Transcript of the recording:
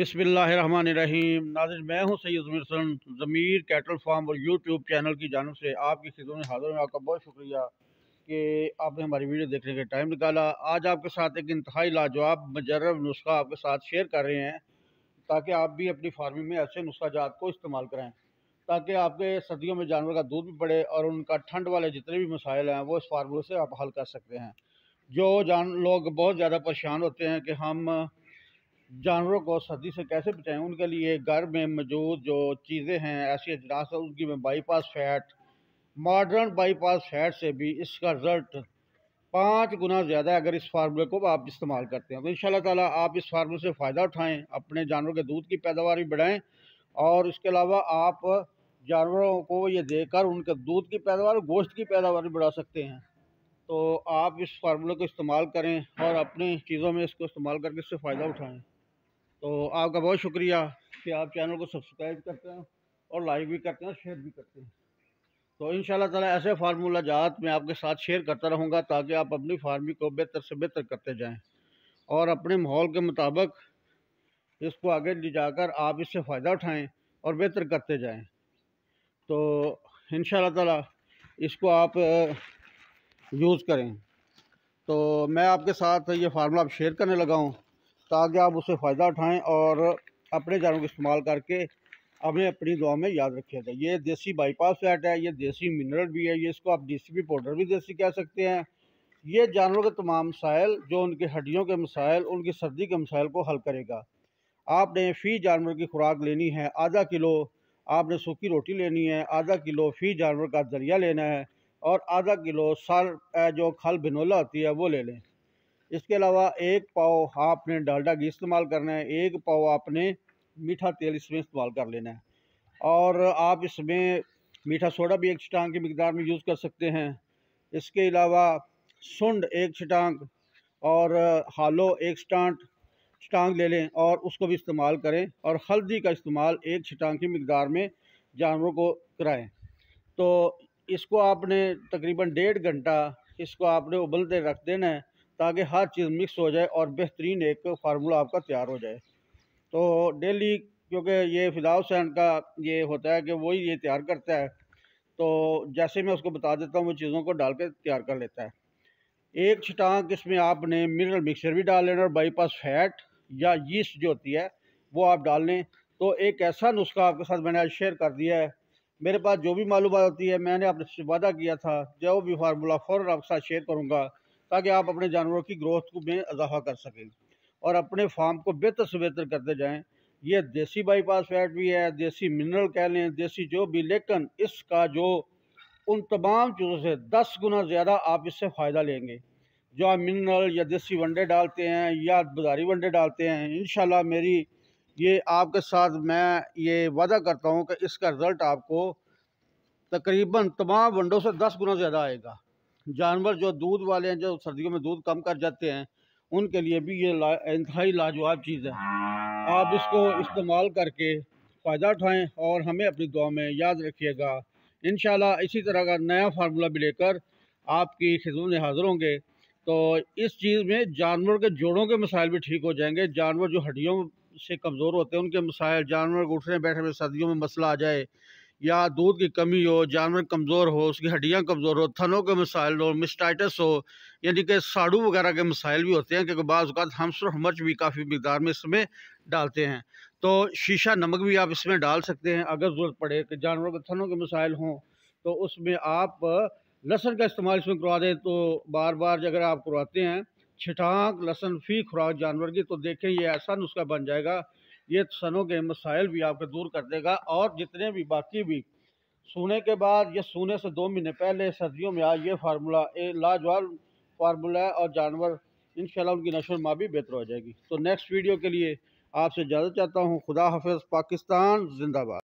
बिसमीम नाजिर मैं हूं सैयद जमीर ज़मीर कैटल फार्म और यूट्यूब चैनल की जानब से आपकी खिदों में हाजिर में आपका बहुत शुक्रिया कि आपने हमारी वीडियो देखने के टाइम निकाला आज आपके साथ एक इंतहाई लाजवाब मजरब नुस्खा आपके साथ शेयर कर रहे हैं ताकि आप भी अपनी फार्मिंग में ऐसे नुस्खा जात को इस्तेमाल करें ताकि आपके सर्दियों में जानवर का दूध भी बढ़े और उनका ठंड वाले जितने भी मसाइल हैं वो इस फार्मूले से आप हल कर सकते हैं जो जान लोग बहुत ज़्यादा परेशान होते हैं कि हम जानवरों को सर्दी से कैसे बचाएं उनके लिए घर में मौजूद जो चीज़ें हैं ऐसी अजनास है उनकी में bypass fat modern bypass fat से भी इसका रिजल्ट पाँच गुना ज़्यादा अगर इस फार्मूले को आप इस्तेमाल करते हैं तो इन ताला आप इस फार्मूले से फ़ायदा उठाएँ अपने जानवरों के दूध की पैदावार भी बढ़ाएँ और इसके अलावा आप जानवरों को ये देकर उनके दूध की पैदावार गोश्त की पैदावार भी बढ़ा सकते हैं तो आप इस फार्मूले को इस्तेमाल करें और अपनी चीज़ों में इसको इस्तेमाल करके इससे फ़ायदा उठाएँ तो आपका बहुत शुक्रिया कि आप चैनल को सब्सक्राइब करते हैं और लाइक भी करते हैं शेयर भी करते हैं तो इन ताला ऐसे फार्मूला जात मैं आपके साथ शेयर करता रहूँगा ताकि आप अपनी फार्मिंग को बेहतर से बेहतर करते जाएँ और अपने माहौल के मुताबिक इसको आगे ले जाकर आप इससे फ़ायदा उठाएँ और बेहतर करते जाएँ तो इन ताला इसको आप यूज़ करें तो मैं आपके साथ ये फार्मूला आप शेयर करने लगा हूँ ताकि आप उससे फ़ायदा उठाएं और अपने जानवर का इस्तेमाल करके हमें अपनी दुआ में याद रखिएगा तो ये देसी बाईपास फैट है ये देसी मिनरल भी है ये इसको आप पी पाउडर भी देसी कह सकते हैं ये जानवरों के तमाम मसाइल जो उनके हड्डियों के मसाइल उनकी सर्दी के मसाइल को हल करेगा आपने फ़ी जानवर की खुराक लेनी है आधा किलो आपने सूखी रोटी लेनी है आधा किलो फ़ी जानवर का दरिया लेना है और आधा किलो सर जो खल भिनोला होती है वो ले लें इसके अलावा एक पाव आपने डालडा घी इस्तेमाल करना है एक पाव आपने मीठा तेल इसमें इस्तेमाल कर लेना है और आप इसमें मीठा सोडा भी एक छटांग की मकदार में यूज़ कर सकते हैं इसके अलावा सुंड एक छटांग और हालो एक स्टांट छटांग ले लें और उसको भी इस्तेमाल करें और हल्दी का इस्तेमाल एक छटांग की मकदार में जानवरों को कराएं तो इसको आपने तकरीबन डेढ़ घंटा इसको आपने उबलते रख देना है ताकि हर चीज़ मिक्स हो जाए और बेहतरीन एक फार्मूला आपका तैयार हो जाए तो डेली क्योंकि ये फिदा हुसैन का ये होता है कि वही ये तैयार करता है तो जैसे मैं उसको बता देता हूँ वो चीज़ों को डाल के तैयार कर लेता है एक छटांक इसमें आपने मिनरल मिक्सर भी डाल लेना और बाईपास फैट या यीस्ट जो होती है वो आप डाल लें तो एक ऐसा नुस्खा आपके साथ मैंने आज शेयर कर दिया है मेरे पास जो भी मालूम होती है मैंने आपसे वादा किया था जो भी फार्मूला फ़ौर आपके साथ शेयर करूँगा ताकि आप अपने जानवरों की ग्रोथ में इजाफा कर सकें और अपने फार्म को बेहतर से बेहतर करते जाएँ ये देसी बाईपास फैट भी है देसी मिनरल कह लें देसी जो भी लेकिन इसका जो उन तमाम चीज़ों से दस गुना ज़्यादा आप इससे फ़ायदा लेंगे जो आप मिनरल या देसी वंडे डालते हैं या बाजारी वंडे डालते हैं इन मेरी ये आपके साथ मैं ये वादा करता हूँ कि इसका रिज़ल्ट आपको तकरीबन तमाम वंडों से दस गुना ज़्यादा आएगा जानवर जो दूध वाले हैं जो सर्दियों में दूध कम कर जाते हैं उनके लिए भी ये ला, इंतहाई लाजवाब चीज़ है आप इसको इस्तेमाल करके फ़ायदा उठाएँ और हमें अपनी दुआ में याद रखिएगा इन इसी तरह का नया फार्मूला भी लेकर आपकी खिदमत में हाज़िर होंगे तो इस चीज़ में जानवर के जोड़ों के मसाइल भी ठीक हो जाएंगे जानवर जो हड्डियों से कमज़ोर होते हैं उनके मसाइल जानवर को उठने बैठने में सर्दियों में मसला आ जाए या दूध की कमी हो जानवर कमज़ोर हो उसकी हड्डियाँ कमज़ोर हो थनों के मसाइल हो मिस्टाइटस हो यानी कि साड़ू वगैरह के मसाइल भी होते हैं क्योंकि बाज़ात हम सुरख मर्च भी काफ़ी मकदार में इसमें डालते हैं तो शीशा नमक भी आप इसमें डाल सकते हैं अगर ज़रूरत पड़े कि जानवरों के थनों के मसाइल हों तो उसमें आप लहसन का इस्तेमाल इसमें करवा दें तो बार बार अगर आप करवाते हैं छिटाक लहसन फी खुराक जानवर की तो देखें ये ऐसा नुस्खा बन जाएगा ये सनों के मसाइल भी आपके दूर कर देगा और जितने भी बाकी भी सोने के बाद ये सोने से दो महीने पहले सर्दियों में आज ये फार्मूला लाजवाब फार्मूला है और जानवर इन उनकी नशो नमा भी बेहतर हो जाएगी तो नेक्स्ट वीडियो के लिए आपसे इजाज़त चाहता हूँ खुदा हाफ पाकिस्तान जिंदाबाद